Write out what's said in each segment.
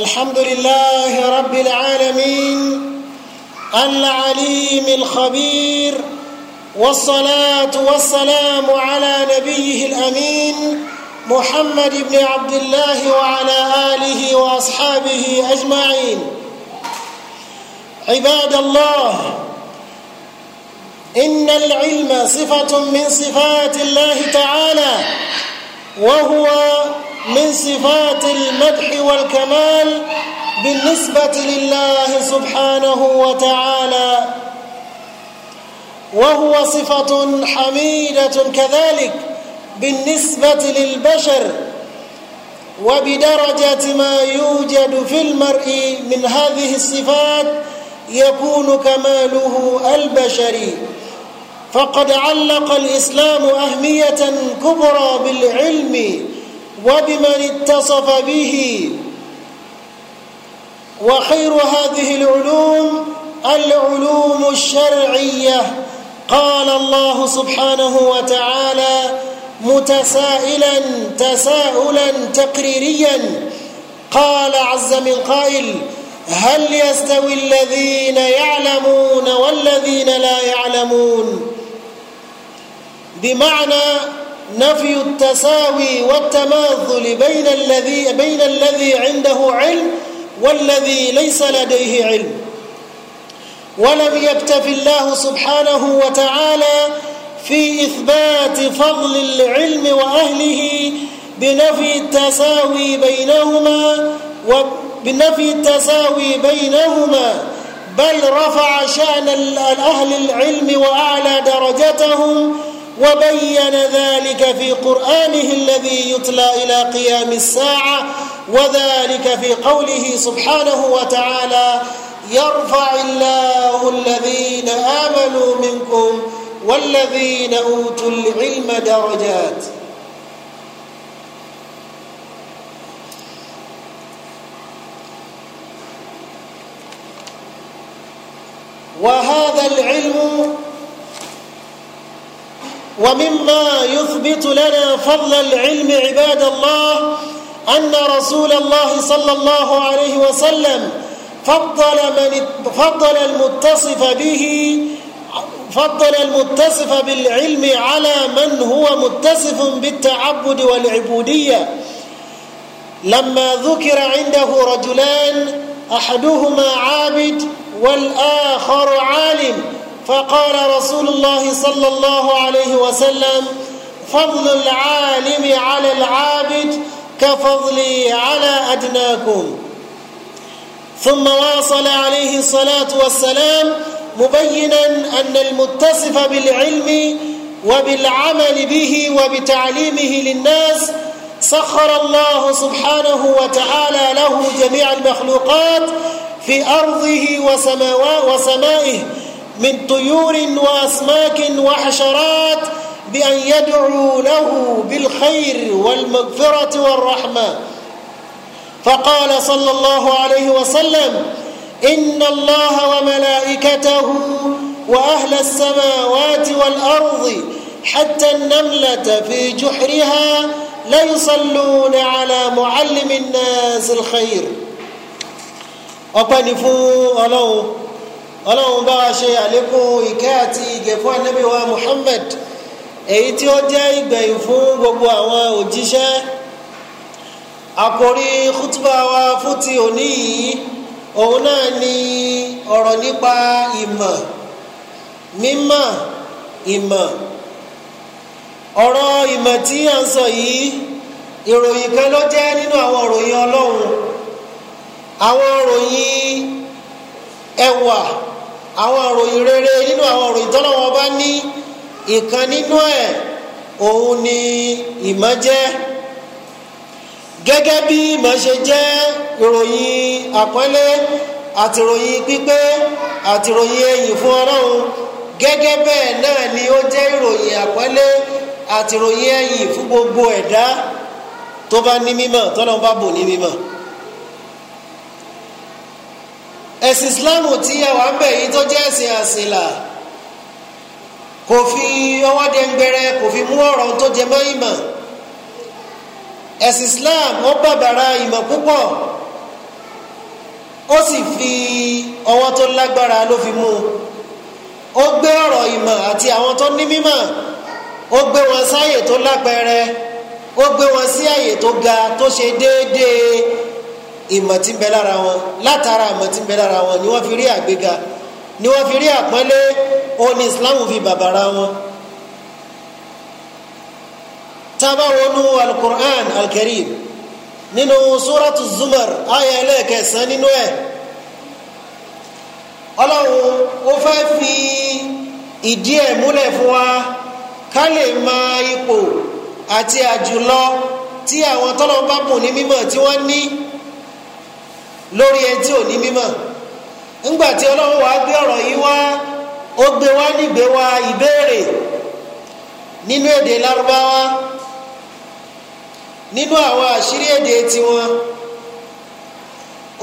الحمد لله رب العالمين العليم الخبير والصلاة والسلام على نبيه الأمين محمد بن عبد الله وعلى آله وأصحابه أجمعين عباد الله إن العلم صفة من صفات الله تعالى وهو من صفات المدح والكمال بالنسبة لله سبحانه وتعالى وهو صفة حميدة كذلك بالنسبة للبشر وبدرجة ما يوجد في المرء من هذه الصفات يكون كماله البشري فقد علق الإسلام أهمية كبرى بالعلم وبمن اتصف به وخير هذه العلوم العلوم الشرعية قال الله سبحانه وتعالى متسائلا تساؤلا تقريريا قال عز من قائل هل يستوي الذين يعلمون والذين لا يعلمون بمعنى نفي التساوي والتماثل بين الذي بين الذي عنده علم والذي ليس لديه علم ولم يكتف الله سبحانه وتعالى في إثبات فضل العلم وأهله بنفي التساوي بينهما وبنفي التساوي بينهما بل رفع شأن أهل العلم وأعلى درجتهم وبين ذلك في قرآنه الذي يتلى إلى قيام الساعة وذلك في قوله سبحانه وتعالى يرفع الله الذين آمنوا منكم والذين أوتوا العلم درجات وهذا العلم ومما يثبت لنا فضل العلم عباد الله أن رسول الله صلى الله عليه وسلم فضل من فضل المتصف به فضل المتصف بالعلم على من هو متصف بالتعبد والعبودية لما ذكر عنده رجلان أحدهما عابد والآخر عالم فقال رسول الله صلى الله عليه وسلم فضل العالم على العابد كفضلي على أدناكم ثم واصل عليه الصلاة والسلام مبينا أن المتصف بالعلم وبالعمل به وبتعليمه للناس سخر الله سبحانه وتعالى له جميع المخلوقات في أرضه وسمائه من طيور وأسماك وحشرات بأن يدعوا له بالخير والمغفرة والرحمة فقال صلى الله عليه وسلم إن الله وملائكته وأهل السماوات والأرض حتى النملة في جحرها لا يصلون على معلم الناس الخير أبنفوا ألوه ọlọ́run bá wa ṣe àlékún ìkẹ́ àti ìgẹ̀ fún ànábì wa Muhammad èyí tí ó jẹ́ ìgbẹ̀yìn fún gbogbo àwọn òjíṣẹ́ àkòrí kútùbà wa fún ti òní yìí òun náà ni ọ̀rọ̀ nípa ìmọ̀ mímọ̀ ìmọ̀ ọ̀rọ̀ ìmọ̀ tí à ń sọ yìí ìròyìn kan ló jẹ́ nínú àwọn ìròyìn ọlọ́run àwọn ìròyìn ẹwà àwọn òròyìn rere nínú àwọn òròyìn tọ́lọ́ wọn bá ní ìkan nínú ẹ̀ òun ni ìmọ̀ jẹ́ gẹ́gẹ́ bí ìmọ̀ ṣe jẹ́ ìròyìn àpọ́nlé àti ìròyìn pípé àti ìròyìn ẹ̀yìn fún ọlọ́run gẹ́gẹ́ bẹ́ẹ̀ náà ni ó jẹ́ ìròyìn àpọ́nlé àti ìròyìn ẹ̀yìn fún gbogbo ẹ̀dá tó bá ní mímọ̀ tọ́lọ́ bá bò ní mímọ̀. ẹ̀sìn islam tí àwa ń bẹ̀ yìí tó jẹ́ ẹ̀sìn àṣìlà kò fi ọwọ́ dẹ́ngbẹ̀rẹ̀ kò fi mú ọ̀rọ̀ tó jẹ mọ́ ìmọ̀ ẹ̀sìn islam ó bàbàrà ìmọ̀ púpọ̀ ó sì fi ọwọ́ tó lágbára ló fi mú un ó gbé ọ̀rọ̀ ìmọ̀ àti àwọn tó ní mímọ̀ ó gbé wọn sáyè tó lápẹẹrẹ ó gbé wọn sí àyè tó ga tó ṣe déédéé ìmọ̀ tí ń bẹ lára wọn látara ìmọ̀ tí ń bẹ lára wọn ni wọ́n fi rí àgbéga ni wọ́n fi rí àpọ́nlé òun ni Islam fi bàbàrà wọn. tábà wọnú alukur'an alkarim nínú suratu zumar aya ẹlẹ́ẹ̀kẹsàn nínú ẹ̀ ọlọ́run ó fẹ́ fi ìdí ẹ̀ múlẹ̀ fún wa ká lè mọ ipò àti àjùlọ tí àwọn tọ́lọ́ bá bùn ní mímọ̀ tí wọ́n ní. lórí ẹni tí ò ní mímọ̀ ńgbà tí ọlọ́run wàá gbé ọ̀rọ̀ yìí wá ó gbé wá nígbé wá ìbéèrè nínú èdè lárúbáwá nínú àwọn àṣírí èdè tiwọn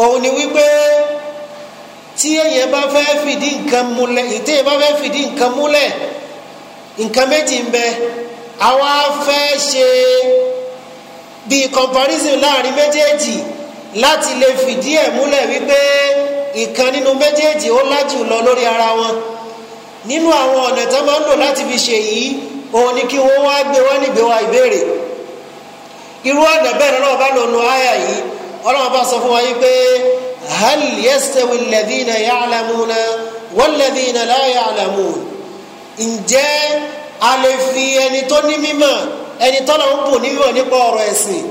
òun ni wípé tí èèyàn bá fẹ́ fìdí nǹkan múlẹ̀ bá fẹ́ fìdí nǹkan múlẹ̀ nǹkan méjì láti lè fìdí ẹ̀ múlẹ̀ wípé ìkan nínú méjèèjì ó lájú lọ lórí ara wọn nínú àwọn ọ̀nà tó máa ń lò láti fi ṣe yìí òun ni kí wọ́n wá gbé wọ́n nígbé wa ìbéèrè irú ọ̀nà bẹ́ẹ̀ náà bá lò nu àyà yìí ọlọ́run bá sọ fún wa yìí pé hal yastawi alladhina ya'lamuna walladhina la ya'lamun ǹjẹ́ a lè fi ẹni tó ní mímọ̀ ẹni tọ́lọ̀ ń bò nímọ̀ nípa ọ̀rọ̀ ẹ̀sìn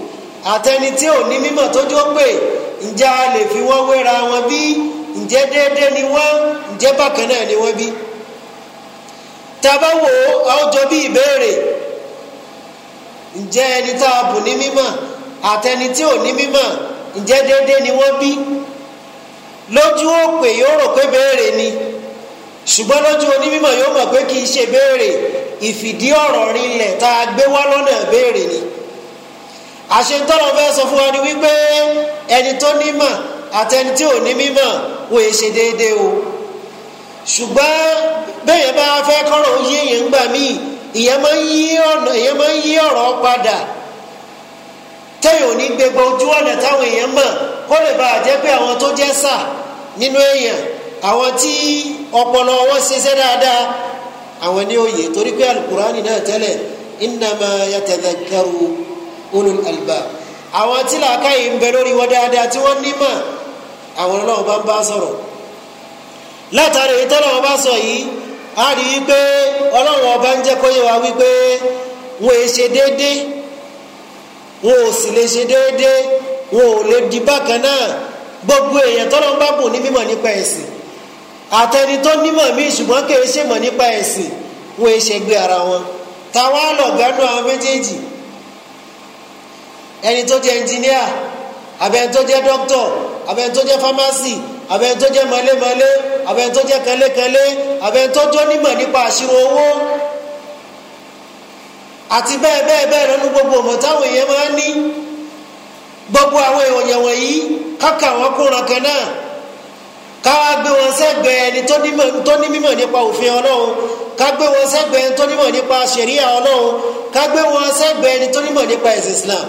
àtẹni tí ò ní mímọ̀ tó jó pé ǹjẹ́ a lè fi wọ́n wéra wọn bí ǹjẹ́ déédéé ni wọ́n ǹjẹ́ bákan náà ni wọ́n bí. tàbá wo ọjọ́ bí ìbéèrè ǹjẹ́ ẹni tá a bù ní mímọ̀ àtẹni tí ò ní mímọ̀ ǹjẹ́ déédéé ni wọ́n bí. lójú ó pè yóò rò pé béèrè ni ṣùgbọ́n lójú onímọ̀ yóò mọ̀ pé kì í ṣe béèrè ìfìdí ọ̀rọ̀ rinlẹ̀ tá a gbé wá lọ́nà béèrè ni. àṣetọ́lọ̀ fẹ́ sọ fún wa ni wípé ẹni tó nímọ̀ àtẹni tí ò ní mímọ̀ wò é ṣe déédéé o ṣùgbọ́n bẹ́ẹ̀ bá fẹ́ kọ́rọ̀ yé èèyàn gbà míì ìyẹn máa ń yí ọ̀nà ìyẹn máa ń yí ọ̀rọ̀ padà téèyàn ò ní gbégbá ojú ọ̀nà táwọn èèyàn mọ̀ kó lè bàa jẹ́ pé àwọn tó jẹ́ sà nínú èèyàn àwọn tí ọpọlọ wọn ṣiṣẹ́ dáadáa àwọn ní òye torí pé alukurani náà tẹ́lẹ̀ innama yatadhakkaru ulul alba àwọn tí làákà yìí ń bẹ lórí wọn dáadáa tí wọ́n nímọ̀ àwọn ọlọ́run bá ń bá sọ̀rọ̀ látàrí èyí tọ́lọ́run bá sọ yìí a rí i pé ọlọ́run ọba ń jẹ́ kó yé wa wípé wọn ò ṣe déédéé wọn ò sì lè ṣe déédéé wọn ò lè di bákan náà gbogbo èèyàn tọ́lọ́run bá bùn ní mímọ̀ nípa ẹ̀sìn àtẹni tó nímọ̀ mí ṣùgbọ́n kì í ṣèmọ̀ nípa ẹ̀sìn wọn ò ṣe gbé ara wọn táwa lọ̀gánú àwọn méjèèjì ẹni tó jẹ́ ẹnjìníà abẹ́ni tó jẹ́ dókítọ̀ abẹ́ni tó jẹ́ fámásì abẹ́ni tó jẹ́ malémalé abẹ́ni tó jẹ́ kanlékanlé abẹ́ni tó jọ nímọ̀ nípa àṣírò owó àti bẹ́ẹ̀ bẹ́ẹ̀ bẹ́ẹ̀ lọ́nu gbogbo ọmọ táwọn èèyàn máa ń ní gbogbo àwọn èèyàn wọ̀nyí káka wọn kóran kan náà káwá gbé wọn sẹ́gbẹ̀ẹ́ ẹni tó ní mímọ̀ nípa òfin ọlọ́run ká gbé wọn sẹ́gbẹ̀ẹ́ ẹni tó nímọ̀ nípa ṣẹ̀ríà ọlọ́run ká gbé wọn sẹ́gbẹ̀ẹ́ ẹni tó nímọ̀ nípa ẹ̀sìn Islam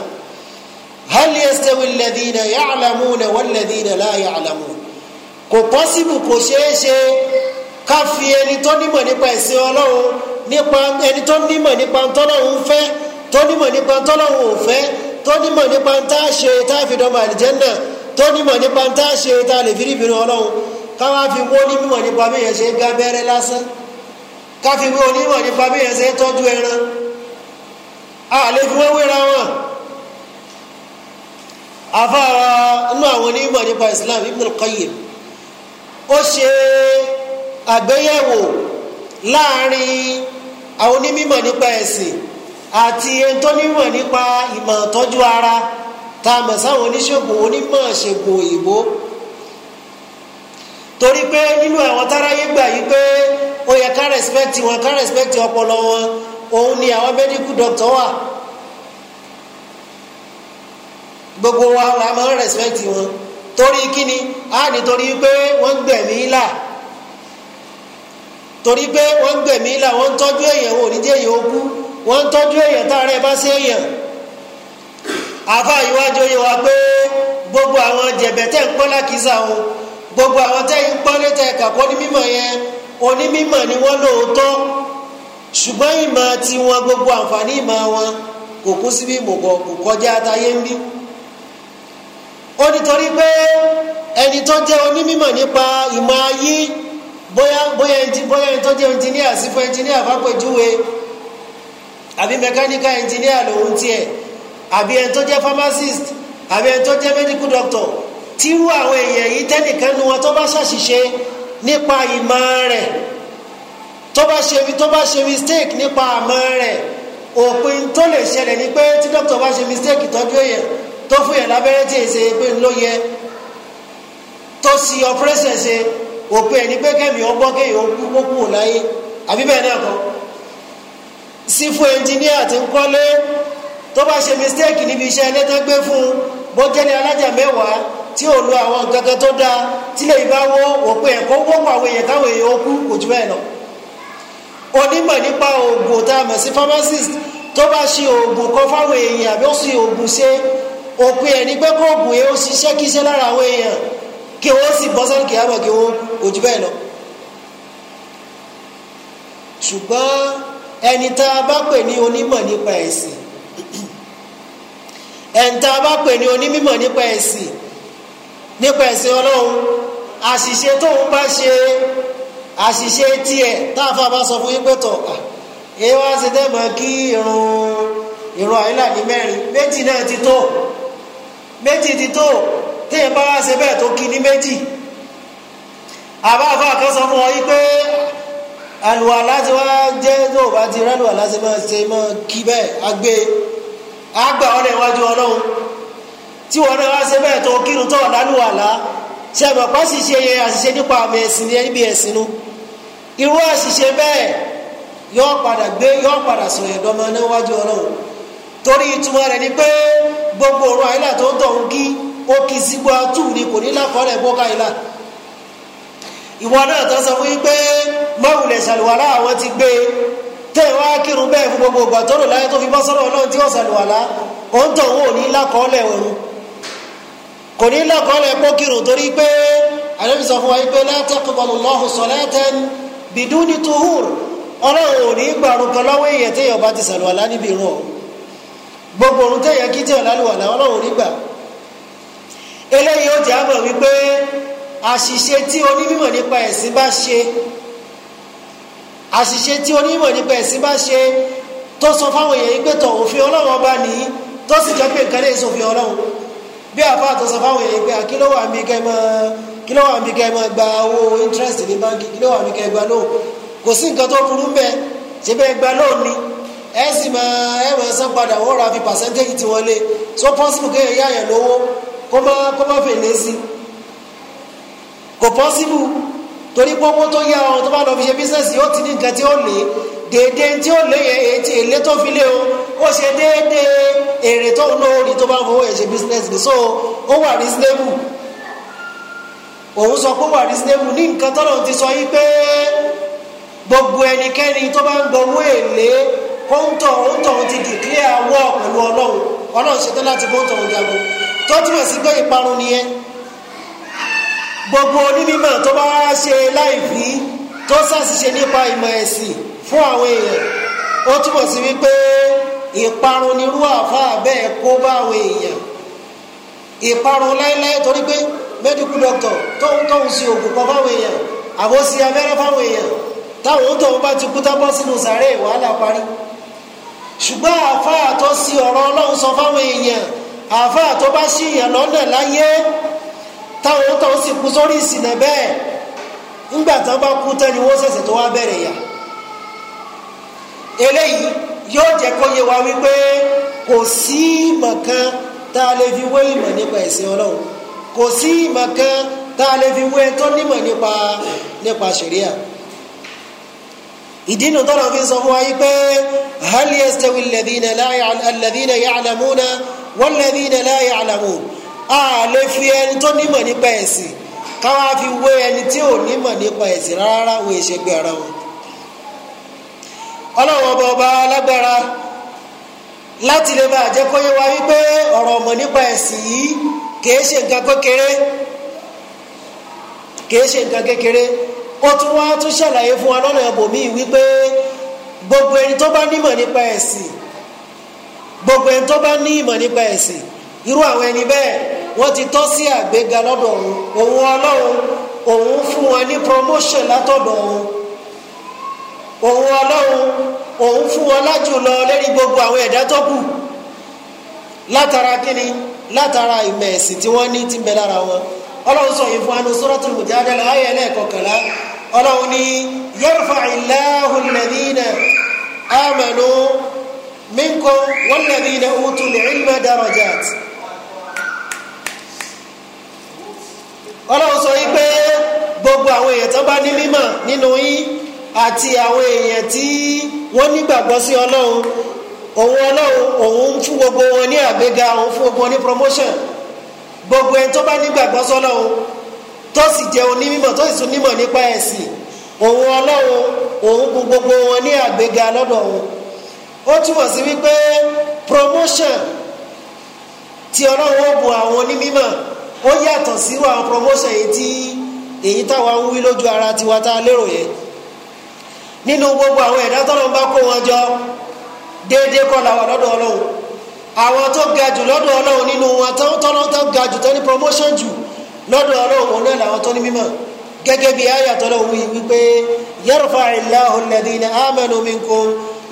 hal yastawi alladhina ya'lamuna walladhina la ya'lamun kò pọ́sibù kò ṣeé ṣe ká fi ẹni tó nímọ̀ nípa ẹ̀sìn ọlọ́run nípa ẹni tó nímọ̀ nípa ntọ́lọ́run fẹ́ tó nímọ̀ nípa ntọ́lọ́run ò fẹ́ tó nímọ̀ nípa ntá ṣe tá fi dọ́mọ àlìjẹ́nà tó nímọ̀ nípa ntá ṣe tá lè fi ríbi ọlọ́run káwá fi wó onímọ̀ nípa bí yẹn ṣe gbá abẹ́rẹ́ lásán ká fi wó onímọ̀ nípa bí yẹn ṣe tọ́jú ẹran àlè fi wọ́n wéra wọn afára inú àwọn onímọ̀ nípa Islam Ibn al-Qayyim ó ṣe àgbéyẹ̀wò láàrin àwọn onímọ̀ nípa ẹ̀sìn àti ẹni tó nímọ̀ nípa ìmọ̀ ìtọ́jú ara tá a mọ̀ sáwọn oníṣègùn onímọ̀ ṣègùn òyìnbó torí pé nínú àwọn táráyé gbà yí pé ó yẹ ká rẹ́spẹ́kìtì wọn ká rẹ́spẹ́kìtì ọpọlọ wọn òun ni àwọn mẹ́díkù dọ́kítọ̀ wà gbogbo wa la máa ń rẹ̀spẹ̀tì wọn torí kíni a nítorí pé wọ́n gbẹ̀mí là torí pé wọ́n gbẹ̀mí là wọ́n ń tọ́jú èèyàn wò ní jẹ́ èèyàn ogú wọ́n ń tọ́jú èèyàn tá a rẹ̀ bá sí èèyàn àfa ìwájú yẹ wa pé gbogbo àwọn jẹ̀bẹ̀ tẹ̀ ń pọ́n lákìsà o gbogbo àwọn tẹ̀ ń pọ́n létẹ̀ kàkọ́ ní mímọ̀ yẹn onímọ̀ ni wọ́n lóòótọ́ ṣùgbọ́n ìmọ̀ tiwọn gbogbo àǹfààní ìmọ̀ wọn kò kú síbí mọ̀gọ́ kò kọjá àtayé ń bí ó nítorí pé ẹni tó jẹ́ onímọ̀ nípa ìmọ̀ ayé bóyá bóyá bóyá ẹni tó jẹ́ ẹnjìníà sí fún ẹnjìníà fápẹ́júwe àbí mẹkáníkà ẹnjìníà lòun tiẹ̀ àbí ẹni tó jẹ́ pharmacist àbí ẹni tó jẹ́ medical doctor tírú àwọn èèyàn yìí tẹ́nìkan nu wọn tó bá ṣàṣìṣe nípa ìmọ̀ rẹ̀ tó bá ṣe tó bá ṣe mistake nípa àmọ́ rẹ̀ òpin tó lè ṣẹlẹ̀ ni pé tí dókítà bá ṣe mistake tọ́jú èèyàn tó fún yẹn lábẹ́rẹ́ tí èsè pé ló yẹ tó sì ọpẹ́rẹ́sẹ̀ ṣe òpin ẹni pé kẹ́mi ọgbọ́n kéèyàn ó kú kó kú ò láyé àbí bẹ́ẹ̀ náà kọ́ sí fún ẹnjìníà tí ń kọ́lé tó bá ṣe mistake níbi iṣẹ́ ilé tó gbé fún un bó jẹ́ ní alájà mẹ́wàá tí ò lo àwọn gangan tó dáa tí lè bá wó òpin ẹ̀kọ́ wọ́pọ̀ àwọn èèyàn káwọn èèyàn ó kú kò jù bẹ́ẹ̀ lọ onímọ̀ nípa oògùn tá a mọ̀ sí pharmacist tó bá ṣe oògùn kan fáwọn èèyàn àbí ó sì oògùn ṣe òpin ẹ̀ ní pé kó oògùn yẹn ó ṣiṣẹ́ kíṣẹ́ lára àwọn èèyàn kí wọ́n sì bọ́ sọ́dún kìyàmọ̀ kí wọ́n ojú bẹ́ẹ̀ lọ. ṣùgbọ́n ẹni tá a bá pè ní onímọ̀ nípa ẹ̀sìn ẹni tá a bá pè ní onímọ̀ nípa ẹ̀sìn nípa ẹ̀sìn ọlọ́run àṣìṣe tóun bá ṣe àṣìṣe tiẹ̀ táàfà bá sọ fún yín pé tọ̀ èyí wá ṣe dẹ́mọ̀ kí irun irun àyílà ní mẹ́rin méjì náà ti tó méjì ti tó téèyàn bá wá ṣe bẹ́ẹ̀ tó kí ní méjì àbáfà kan sọ fún ọ yìí pé àlùwàlá ti wá jẹ́ tó bá ti rálùwàlá ṣe máa ṣe máa kí bẹ́ẹ̀ agbé àgbà e. ọ̀nà iwájú ọlọ́run tí wọn náà wá ṣe bẹ́ẹ̀ tó kírun tó lálùwàlá ṣe mọ̀ pé àṣìṣe yẹn àṣìṣe nípa àmì ẹ̀sìn ní ẹbí ẹ̀sìn nu irú àṣìṣe bẹ́ẹ̀ yọ padà gbé yọ padà sọ̀rọ̀ ẹ̀dọ́mọ níwájú ọlọ́run torí ìtumọ̀ rẹ̀ ni pé gbogbo òru àyílà tó ń dọ̀hún kí ó kí sígbó atú ni kò ní lákọọ́lẹ̀ bọ́ká àyílà ìwọ náà tó sọ fún yín pé mọ́wùlẹ̀ ṣàlùwàlá àwọn ti gbé tẹ́ ẹ wá kírun bẹ́ẹ̀ fún gbogbo ìgbà tó lò láyé tó fi bọ́ sọ́rọ̀ ọlọ́run tí ó ṣàlùwàlá òun tọ̀hún ò ní lákọọ́lẹ̀ òun kò ní lákọọ́lẹ̀ pọ́ kírun torí pé àlejò fún wa pé la gbogbo ohun tẹ̀yẹ kí tẹ̀ lálùwà làwọn náà ò rí gbà eléyìí ó jẹ́ àmọ̀ wípé àṣìṣe tí onímọ̀ nípa ẹ̀sìn bá ṣe àṣìṣe tí onímọ̀ nípa ẹ̀sìn bá ṣe tó sọ fáwọn èèyàn yìí pé tọ̀ òfin ọlọ́run ọba nìyí tó sì jẹ́ pé nǹkan lè sòfin ọlọ́run bí àfáà tó sọ fáwọn èèyàn pé kí ló wà mí kẹ́ mọ́ kí ló wà mí kẹ́ mọ́ gba owó interest ní báńkì kí ló wà mí kẹ́ gba lóò kò sí nǹkan tó burú bẹ́ẹ̀ ṣe bẹ́ẹ̀ gba lóò ni ẹ sì máa ẹ máa san padà wọ́n ra fi pàṣẹ́ntéèjì tí wọ́n lé so possible kéèyàn yá yẹn lówó kó má kó má fèlè sí kò possible torí pé owó tó yá ọ tó bá lọ fi ṣe bísíǹsì ó ti ní nǹkan tí ó lé déédéé tí ó lé yẹn ètí èlé tó fi lé o ó ṣe déédéé èrè tó ń lórí tó bá fowó yẹn ṣe bísíǹsì so ó wà reasonable òun sọ pé ó wà reasonable ní nǹkan tọ́lọ̀ ti sọ yí pé gbogbo ẹnikẹ́ni tó bá ń gbọ́ òǹtọ̀ òǹtọ̀ ti declare war pẹ̀lú ọlọ́run ọlọ́run ṣetán láti bóńtọ̀ ọ̀gágun tó túmọ̀ sí pé ìparun nìyẹn gbogbo onímọ̀ tó bá ṣe láìfí tó ṣàṣìṣe nípa ìmọ̀ ẹ̀sìn fún àwọn èèyàn ó túmọ̀ sí wípé ìparun nírú àfáà bẹ́ẹ̀ kó bá àwọn èèyàn ìparun láéláé torí pé medical doctor tóun tóun ṣe oògùn kan fáwọn èèyàn àbó ṣe abẹ́rẹ́ fáwọn èèyàn táwọn ó tọ̀ bá ti kú tábọ́ sínú sàárẹ̀ wàhálà parí ṣùgbọ́n àáfàá tó sí ọ̀rọ̀ ọlọ́run sọ fáwọn èèyàn àáfàá tó bá sí èèyàn lọ́nà láyé táwọn tó sì kú sórí ìsìnà bẹ́ẹ̀ ńgbà tán bá kú tẹ́ni wọ́n ṣẹ̀ṣẹ̀ tó wá bẹ̀rẹ̀ yà eléyìí yóò jẹ́ kó yé wa wípé kò sí ìmọ̀ kan tá a lè fi wé ìmọ̀ nípa ẹ̀sìn ọlọ́run kò sí ìmọ̀ tá a lè fi wé tó nímọ̀ nípa nípa ṣẹ̀ríà ìdínú tọ́lọ̀ fi sọ fún wa yí pé hal yastawi alladhina ya'lamuna walladhina la ya'lamun a lè fi ẹni tó nímọ̀ nípa ẹ̀sìn káwá fi wé ẹni tí ò nímọ̀ nípa ẹ̀sìn rárá wo ìṣègbè ara wọn. ọlọ́run ọba ọba alágbára láti lè máa jẹ́ kóyé wa wípé ọ̀rọ̀ ọmọ nípa ẹ̀sìn yìí kìí ṣe nǹkan kékeré kìí ṣe nǹkan kékeré ó tún wá tún ṣàlàyé fún wa lọ́nà wípé gbogbo ẹni tó bá nímọ̀ nípa ẹ̀sìn gbogbo ẹni tó bá ní nípa ẹ̀sìn irú àwọn ẹni bẹ́ẹ̀ wọ́n ti tọ́ sí àgbéga lọ́dọ̀ òun òun ọlọ́run òun fún wọn ní promotion látọ̀dọ̀ òun òun ọlọ́run òun fún wọn lájùlọ gbogbo àwọn ẹ̀dá tó kù látara kíni látara ìmọ̀ ẹ̀sìn tí wọ́n ní ti bẹ lára wọn ọlọ́run sọ yìí fún wa ní ọlọ́run ní yarfa'illahu alladhina amanu minkum walladhina utul ilma darajat. ọlọ́run sọ yí pé gbogbo àwọn èèyàn tó bá ní mímọ̀ nínú yín àti àwọn èèyàn tí wọ́n nígbàgbọ́ sí ọlọ́run òun ọlọ́run òun fún gbogbo wọn ní àgbéga òun fún gbogbo wọn ní promotion gbogbo ẹni tó bá nígbàgbọ́ sí tó sì jẹ́ onímọ̀ tó sì tún nímọ̀ nípa ẹ̀sìn òun ọlọ́run òun kún gbogbo wọn ní àgbéga lọ́dọ̀ òun ó túmọ̀ sí wípé promotion tí ọlọ́run ó bu àwọn onímọ̀ ó yàtọ̀ sírú àwọn promotion yìí tí èyí táwa ń wí lójú ara tiwa tá a lérò yẹn nínú gbogbo àwọn ẹ̀dá tọ́lọ́run bá kó wọn jọ déédéé kọ́ làwọn lọ́dọ̀ ọlọ́run àwọn tó ga jù lọ́dọ̀ ọlọ́run nínú wọn tọ́lọ́ tó ga jù tó ní promotion jù lọ́dọ̀ ọlọ́run ọlọ́run làwọn tó ní mímọ̀ gẹ́gẹ́ bí ayàtọ̀ lọ́wọ́ yìí wípé yarfa illahu alladhina amanu minkum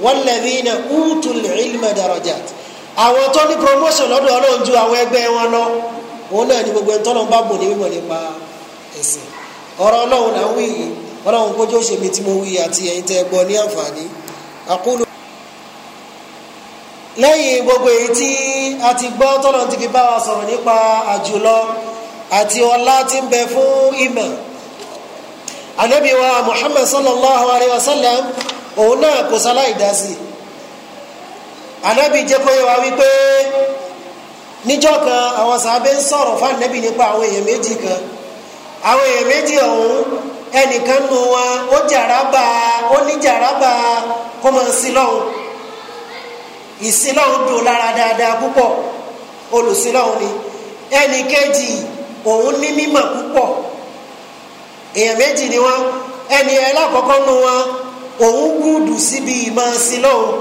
walladhina utul ilma darajat àwọn tó ní promotion lọ́dọ̀ ọlọ́run ju àwọn ẹgbẹ́ wọn lọ òun náà ni gbogbo ẹ̀ńtọ́ náà bá bò ní mímọ̀ nípa ẹ̀sìn ọ̀rọ̀ ọlọ́run là wí yìí ọlọ́run kójú ó ṣe mi tí mo wí àti ẹ̀yin tẹ́ gbọ́ ní àǹfààní àkúlù. lẹ́yìn gbogbo èyí tí a ti gbọ́ tọ́lọ́ ti fi bá wa sọ̀rọ̀ nípa àjùlọ àti ọlá tí ń bẹ fún ìmọ̀ anabi wa muhammad sallallahu alayhi wa sallam òun náà kò sáláì dá sí anabi jẹ́ kó yé wa wípé níjọ́ kan àwọn sàbẹ̀ ń sọ̀rọ̀ fún anabi nípa àwọn èèyàn méjì kan àwọn èèyàn méjì ọ̀hún ẹnìkan nu wọn ó jàrábà ó ní jàrábà kó mọ̀ sí lọ́hùn dùn lára dáadáa púpọ̀ olùsílọ́hùn ni ẹnì kejì. òun ní mímọ̀ púpọ̀ èèyàn méjì ni wọn ẹni ẹlẹ́kọ̀ọ́kọ́ nu wọn òun gúdù síbi ìmọ̀ sí lọ́wọ́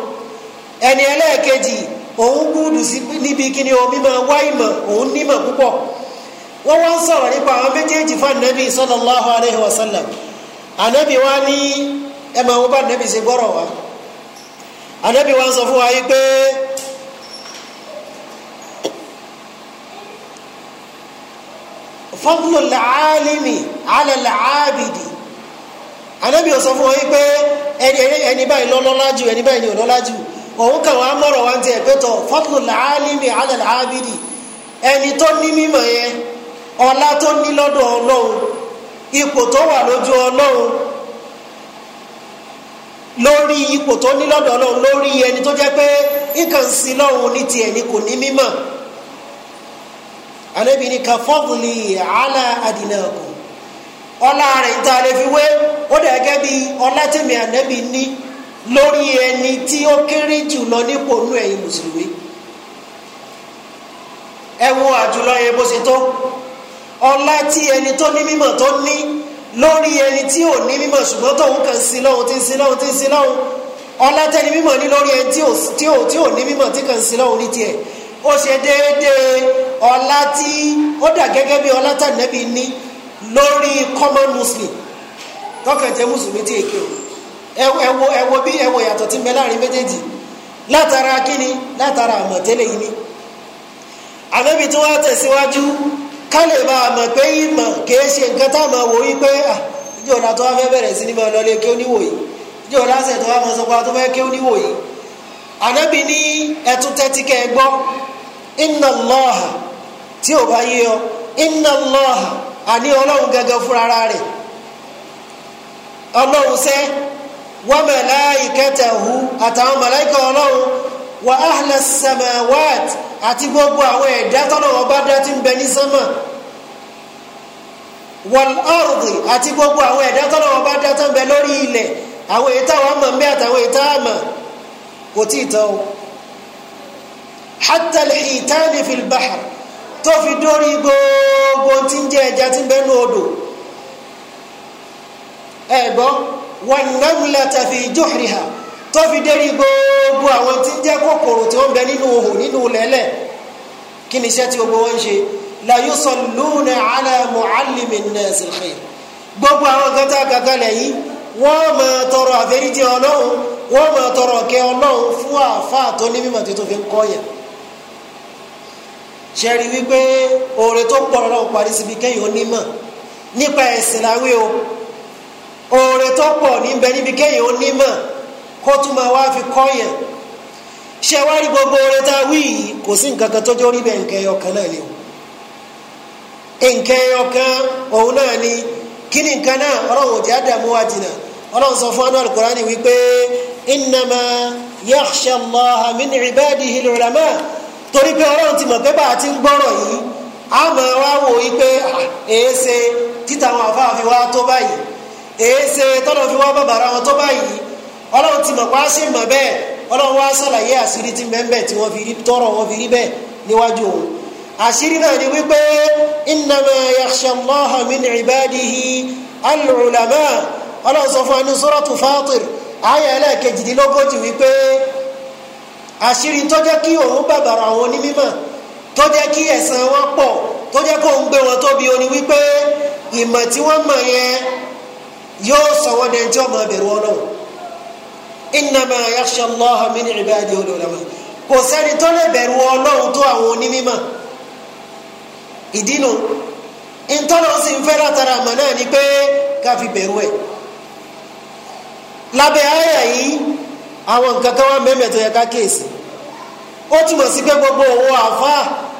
ẹni ẹlẹ́ẹ̀kejì òun gúdù níbi kíni omi máa wá ìmọ̀ òun nímọ̀ púpọ̀ wọ́n wá ń sọ̀rọ̀ nípa àwọn méjèèjì fún anabi sallallahu alayhi wa sallam anabi wa ní ẹ máa wọ́n bá anabi ṣe wa anabi wa ń a alimi ala al-abidi anabi ó sọ fún wọn pé ẹni báyìí lọ́lọ́lá jù ẹni báyìí ni òlọ́lá jù òun kàn wá mọ̀rọ̀ wá ti ẹ̀gbẹ́ tọ̀ fadlul alimi ẹni tó ní mímọ̀ yẹn tó ní lọ́dọ̀ ọlọ́run ipò tó wà lójú ọlọ́run lórí ipò tó ní lọ́dọ̀ ọlọ́run ẹni tó jẹ́ anabi ni ka fadli ala adinaku ọlá rẹ̀ níta lè fi wé ó dà gẹ́gẹ́ bí ọlá tèmi anabi ní lórí ẹni tí ó kéré jù lọ nípò nú ẹ̀yin mùsùlùmí ẹ wo àjùlọ yẹn bó ṣe tó ọlá tí ẹni tó ní mímọ̀ tó ní lórí ẹni tí ò ní mímọ̀ ṣùgbọ́n tóun kàn sí lọ́hùn tí ń sí lọ́hùn tí ń sí lọ́hùn ọlá tẹni mímọ̀ ní lórí ẹni tí ò ní mímọ̀ tí kàn sí lọ́hùn ní tiẹ̀ ó ṣe déédéé ọlá tí ó dà gẹ́gẹ́ bí ọlá tànẹ́bí ní lórí common muslim mùsùlùmí tí èké o ẹ wo bí ẹ wo yàtọ̀ tí láàrin méjèèjì látara kíni látara àmọ̀tẹ́lẹ̀ yìí ni tí wọ́n tẹ̀síwájú ká lè pé ìmọ̀ kìí ṣe a wò pé ìjọba tó wá fẹ́ bẹ̀rẹ̀ sí ní kí ó ìjọba tó wá anabi ní ẹtún tẹ́tí kẹ́ ẹ gbọ́ inna Allah tí ò bá yé ọ inna Allah àní ọlọ́run gẹ́gẹ́ fúnra rẹ̀ ọlọ́run sẹ́ wa malaikatahu àtàwọn màláìkà ọlọ́run wa ahla samawat àti gbogbo àwọn ẹ̀dá tọ́nà ọba dá ti ń bẹ ní sánmà wal ardi àti gbogbo àwọn ẹ̀dá tọ́nà ọba dá ti ń bẹ lórí ilẹ̀ àwọn èyí táwọn mọ̀ ń àtàwọn èyí táwọn kò tí ì tán o hatta al-hitani fil bahr tó fi dórí gbogbo tí ń jẹ ẹja tí ń bẹnu odò ẹ gbọ́ wan namlata fi juhriha tó fi dérí gbogbo àwọn tí ń jẹ kòkòrò tí wọ́n bẹ nínú ihò nínú lẹ́lẹ̀ kí ni iṣẹ́ tí gbogbo wọn ṣe la yusalluna ala mu'allimi nnas gbogbo àwọn kan tá a kàkálẹ̀ máa tọrọ àfẹ́ríjì ọlọ́run wọ́n máa tọrọ kẹ́ ọlọ́run fún àáfàá tó ní mímọ̀ tó fi ń kọ́yàn ṣẹ́rí wípé oore tó pọ̀ lọ́wọ́ parí síbi kẹ́yìn onímọ̀ nípa ẹ̀sìn láwé o oore tó pọ̀ níbẹ̀ níbi kẹ́yìn onímọ̀ kó tún máa wá fi kọ́yàn ṣe wá rí gbogbo oore tá a wí yìí kò sí nǹkan kan tó jọ bẹ́ẹ̀ nǹkan ẹyọ kan náà ni o nǹkan ẹyọ kan òun náà ni kí ni nǹkan náà ọlọ́run ò innama يخشى الله من عباده العلماء ulama torí pé ọlọ́run ti mọ̀ pé bá a ti ń gbọ́rọ̀ yìí a máa wá wò yí pé ah, èéṣe títa àwọn àfáà fi wá tó báyìí èéṣe tọ́lọ̀ fi wá bàbàrà wọn tó báyìí ọlọ́run ti mọ̀ pé a ṣe mọ̀ bẹ́ẹ̀ ọlọ́run wá sàlàyé àṣírí ti mẹ́ńbẹ̀ tí wọ́n fi rí tọ́rọ̀ fi rí bẹ́ẹ̀ níwájú òun àṣírí náà ni wípé innama yakhsha Allah min ibadihi al-ulama ọlọ́run sọ fún wa ní suratu Fatir àyà ẹlẹ́ẹ̀kejìdínlógójì wípé àṣírí tó jẹ́ kí òun bàbàrà àwọn onímọ̀ tó jẹ́ kí ẹ̀san wọn pọ̀ tó jẹ́ kó ń gbé wọn tóbi ó ní wípé ìmọ̀ tí wọ́n mọ̀ yẹn yóò sọ wọn dẹni tí wọ́n mọ̀ bẹ̀rù ọlọ́run innama yakhsha Allaha min ibadihi al-ulama kò sẹ́ni tó lè bẹ̀rù ọlọ́run tó àwọn onímọ̀ ìdí nu ìtọ́nà sì ń fẹ́ látara àmọ́ náà ni pé ká bẹ̀rù ẹ̀ lábẹ́ àyà yìí àwọn nǹkan kan wà mẹ́mẹ́ tó yẹ ká kéèsì ó túmọ̀ sí pé gbogbo òwò àfa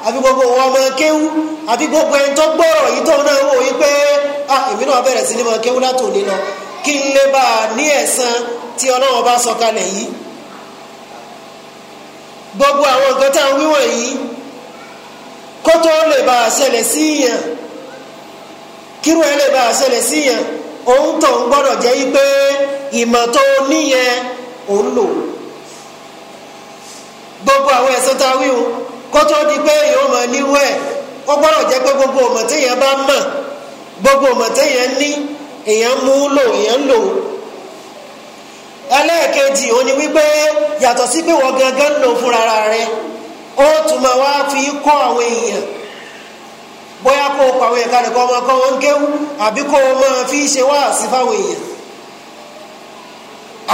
àbí gbogbo òwò ọmọ kéwú àbí gbogbo ẹni tó gbọ́rọ̀ yìí tó náà wò yí pé ah èmi náà bẹ̀rẹ̀ sí ní mọ kéwú látòní lọ kí n lè bá a ní ẹ̀san tí ọlọ́run bá sọ kalẹ̀ yìí gbogbo àwọn nǹkan tá à ń wíwọ̀n yìí kó lè bá a ṣẹlẹ̀ síyàn kírú ẹ lè bá a ṣẹlẹ̀ síyàn. òun tó ń gbọ́dọ̀ jẹ́ pé ìmọ̀ tó níyẹn òun lò gbogbo àwọn ẹ̀sán tá a wí o kó tó di pé èèyàn mọ̀ níwú ẹ̀ ó gbọdọ̀ jẹ́ pé gbogbo ọmọ téèyàn bá mọ̀ gbogbo ọmọ téèyàn ní èèyàn mú lò èèyàn lò ẹlẹ́ẹ̀kejì òun ni wípé yàtọ̀ sí pé wọ́n gangan lò fúnra rẹ̀ ó tún ma wá fi kọ́ àwọn èèyàn bóyá kó o pàwọn ẹ̀ka nìkan ọmọ kan ń kéwú àbí kó o máa fi ṣe wá sí fáwọn èèyàn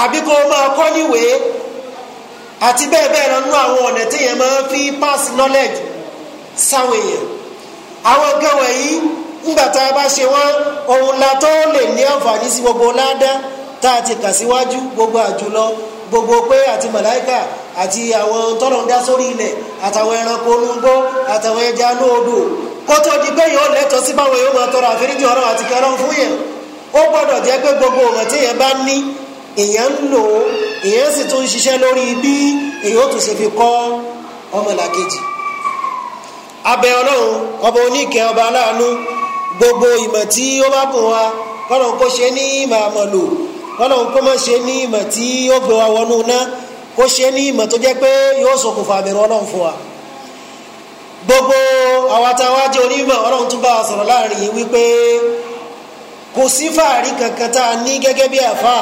àbí kó o máa kọ́ níwèé àti bẹ́ẹ̀ bẹ́ẹ̀ lọ nú àwọn ọ̀nà máa fi pass knowledge sáwọn èèyàn àwọn gan ńgbà tá a bá ṣe ohun gbogbo ládá tá a ti gbogbo àjùlọ gbogbo pé àti àti àwọn tọ́lọ̀ ń dá sórí ilẹ̀ àtàwọn kótó di pé yóò lẹ́tọ̀ọ́ sí báwọn yóò máa tọrọ àforíjì ọ̀rọ̀ àti kẹrọ fún yẹn ó gbọ́dọ̀ jẹ́ pé gbogbo ọ̀rọ̀ tí yẹn bá ní ìyẹn ń lò ó ìyẹn sì tún ń ṣiṣẹ́ lórí bí èyí ó tún ṣe fi kọ́ ọmọlàkejì abẹ ọlọ́run ọba gbogbo ìmọ̀ tí ó bá bùn wa kó ṣe ní ìmọ̀ kó má ṣe ní ìmọ̀ tí ó gbé wa wọnú ná kó ṣe gbogbo àwọn táwa jẹ́ onímọ̀ ọlọ́run tún bá wa sọ̀rọ̀ láàrin yìí wípé kò sí fàárí kankan tá a ní gẹ́gẹ́ bí àfa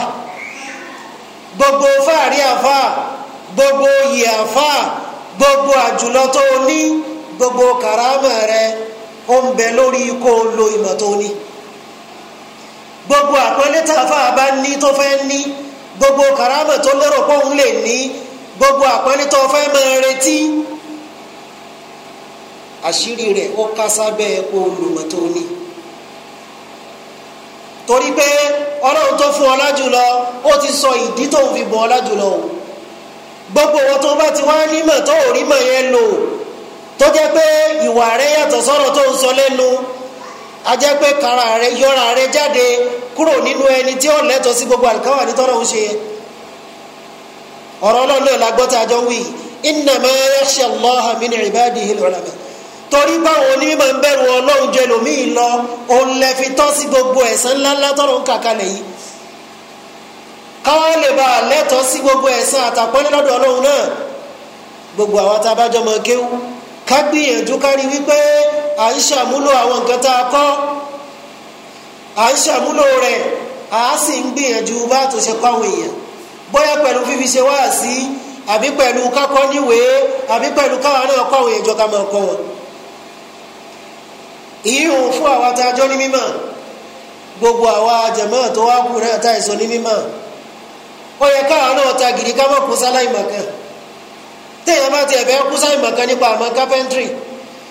gbogbo fàárí àfa gbogbo oyè àfa gbogbo àjùlọ tó o ní gbogbo kàrámà rẹ ó ń bẹ lórí kó o lo ìmọ̀ tó o ní gbogbo àpọ́nlé tààfà bá ní tó fẹ́ ní gbogbo kàrámà tó lérò pé òun lè ní gbogbo àpọ́nlé tó fẹ́ máa retí àṣírí rẹ̀ ó ká sábẹ́ olùmọ̀ tó ní torí pé ọlọ́run tó fún ọlá jùlọ ó ti sọ ìdí tó fi bọ̀ ọlá jùlọ o gbogbo wọn tó bá ti wá nímọ̀ tó ò rímọ̀ yẹn lò tó jẹ́ pé ìwà rẹ̀ yàtọ̀ sọ́rọ̀ tó ń sọ lẹ́nu a pé kara rẹ̀ yọra rẹ̀ jáde kúrò nínú ẹni tí ó lẹ́tọ̀ọ́ sí gbogbo àlùkáwà nítọ́rọ̀ ń ṣe ọ̀rọ̀ ọlọ́run náà la gbọ́ tá a jọ wí innama yakhsha Allaha min ibadihi al-ulama torí wọn onímọ̀ ń bẹ̀rù ọlọ́run jẹ lòmíì lọ òun lẹ sí gbogbo ẹ̀san ńláńlá tọ́rọ̀ ń kàkalẹ̀ yìí káwọn lè bá sí gbogbo ẹ̀san àtàpọ́nlé lọ́dọ̀ ọlọ́run náà gbogbo àwọn tá a bá kéwú ká gbìyànjú kárí wípé à ń ṣàmúlò àwọn nǹkan tá a kọ́ à rẹ̀ à á ìyíhùn fún àwa tá a jọ ní mímọ̀ gbogbo àwa jẹ̀mọ́ tó wá kú náà tá ìsọ ní mímọ̀ ó yẹ káwọn náà ta gidi ká mọ̀ kó sáláì mọ̀kan téèyàn bá tiẹ̀ fẹ́ kú sáláì mọ̀kan nípa àmọ́ kápẹ́ńtírì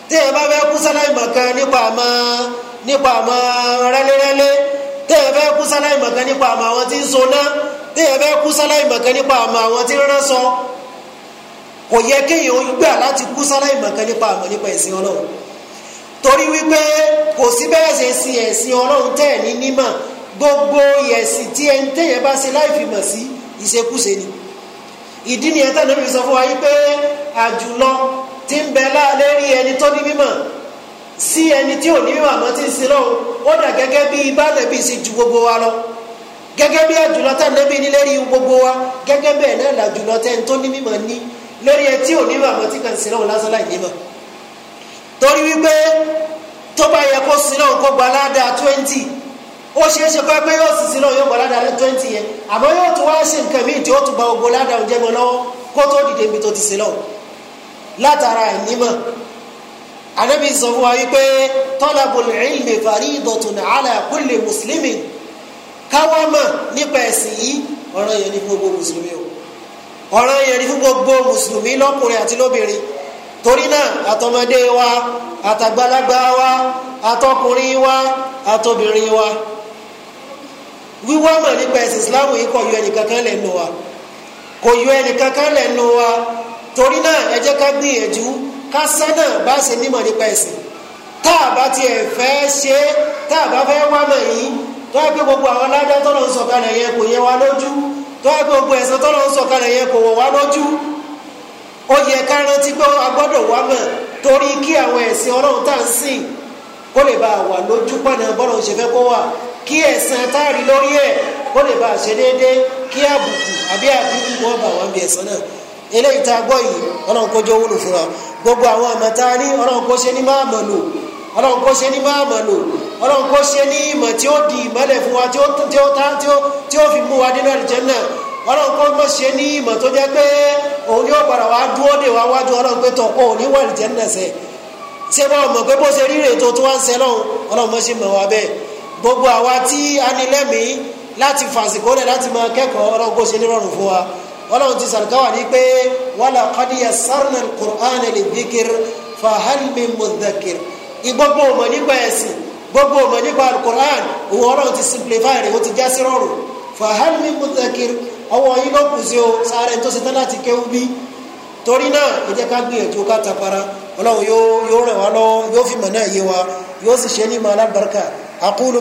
téèyàn bá fẹ́ kú sáláì mọ̀kan nípa àmọ́ nípa àmọ́ rẹ́lẹ́rẹ́lẹ́ téèyàn fẹ́ kú sáláì mọ̀kan nípa àmọ́ àwọn tí ń so náà téèyàn fẹ́ kú sáláì mọ̀kan nípa àmọ́ àwọn tí ń rán sọ kò yẹ kéèyàn gbà láti kú sáláì mọ̀kan nípa àmọ́ nípa ìsìn ọlọ́run torí wípé kò sí bẹ́ẹ̀ ṣe sin ẹ̀sìn ọlọ́run tẹ̀ ní nímọ̀ gbogbo ẹ̀sìn tí ẹni tẹ̀yẹ̀ bá ṣe láì fi mọ̀ sí ìṣekúṣe ni ìdí nìyẹn tẹ̀lé mi sọ fún wa wípé àjùlọ ti ń bẹ lérí ẹni tó ní mímọ̀ sí ẹni tí ò ní mímọ̀ àmọ́ ti ń sin lọ́hùn ó dà gẹ́gẹ́ bí ibàdàbí ṣe ju gbogbo wa lọ gẹ́gẹ́ bí àjùlọ tẹ̀ lẹ́bí ní lérí gbogbo wa gẹ́gẹ́ bẹ́ẹ̀ náà làjùlọ tẹ̀ ń tó ní mímọ̀ ní lórí ẹ tí ò ní mímọ̀ àmọ́ ti kàn sí lọ́hùn lásán láì nímọ̀ torí wípé tó bá yẹ kó sin náà kó gba ládàá twenty ó ṣeé ṣe kó pé yóò sì sin náà yóò twenty yẹn àmọ́ yóò tún wá ṣe nǹkan míì tí ó tún gba gbogbo ládàá oúnjẹ mọ́ lọ́wọ́ kó tó dìde ibi tó ti sin náà látara ìnímọ̀ anabi sọ fún wa wípé talabul ilmi faridatun ala kulli muslimin káwá mọ̀ nípa ẹ̀sìn yìí ọ̀ranyàn ni fún gbogbo mùsùlùmí o ọ̀ranyàn ni fún gbogbo mùsùlùmí lọ́kùnrin àti lóbìnrin torí náà àtọmọdé wa àtàgbàlagbà wa àtọkùnrin wa àtobìnrin wa wíwá mọ̀ nípa ẹ̀sìn Islam yìí kò yọ ẹnìkankan lẹ́nu wa kò yọ ẹnìkankan lẹ́nu wa torí náà ẹ jẹ́ ká gbìyànjú ká sánà bá ṣe nímọ̀ nípa ẹ̀sìn tá a bá tiẹ̀ fẹ́ ṣe tá a bá fẹ́ wá mọ̀ yìí tó yẹ pé gbogbo àwọn ládá tọ́lọ̀ ń sọ̀kalẹ̀ yẹn kò yẹ wá lójú tó yẹ pé gbogbo ẹ̀sán tọ́lọ̀ ń sọ̀kalẹ̀ yẹn kò wọ̀ wá lójú ó yẹ ká rántí pé a gbọ́dọ̀ wá mọ̀ torí kí àwọn ẹ̀sìn ọlọ́run tá à ń sìn kó lè bá a wà lójú pọ̀nà bọ́lá òṣè fẹ́ kó wà kí ẹ̀sán táàrí lórí ẹ̀ kó lè bá a ṣe déédéé kí àbùkù àbí àbùkù wọn bá wọn bí ẹ̀sán náà eléyìí tá a gbọ́ yìí ọlọ́run kó jẹ́ wúlò fún wa gbogbo àwọn àmọ́ta ní ọlọ́run kó ṣe ní máa mọ̀ lò ọlọ́run kó ṣe ní máa mọ̀ lò ọlọ́run kó ṣe ní ìmọ̀ tí ó di ìmọ̀lẹ̀ fún wa tí ó fi mú wa nínú àlùjànnà ọlọ́run kó ṣe ní ìmọ̀ tó jẹ́ pé òun yóò padà wá dúró dè wá wájú ọlọ́run pé tọ̀ pọ̀ òní wọ̀lì jẹ́ nẹ̀sẹ̀ ṣé bá ọmọ pé bó ṣe rí rètò tó wá ń ṣe lọ́hùn ọlọ́run mọ́ ṣe mọ̀ wá bẹ́ẹ̀ gbogbo àwa tí a ní lẹ́mìí láti fàsìkò lẹ̀ láti máa kẹ́kọ̀ọ́ ọlọ́run kó ṣe nírọ̀rùn fún wa ọlọ́run ti sàrùkáwà ní pé wàlà kọ́díyà sárnà kùránì lè ọwọ́ yín ló kù sí o sáré tó ṣetán láti kéwú bí torí náà ẹ jẹ́ ká gbìyànjú ká tapara ọlọ́run yóò ràn wá lọ́wọ́ yóò fi mọ̀ náà yé wa yóò sì ṣe ní ma alábàárkà àkúlù.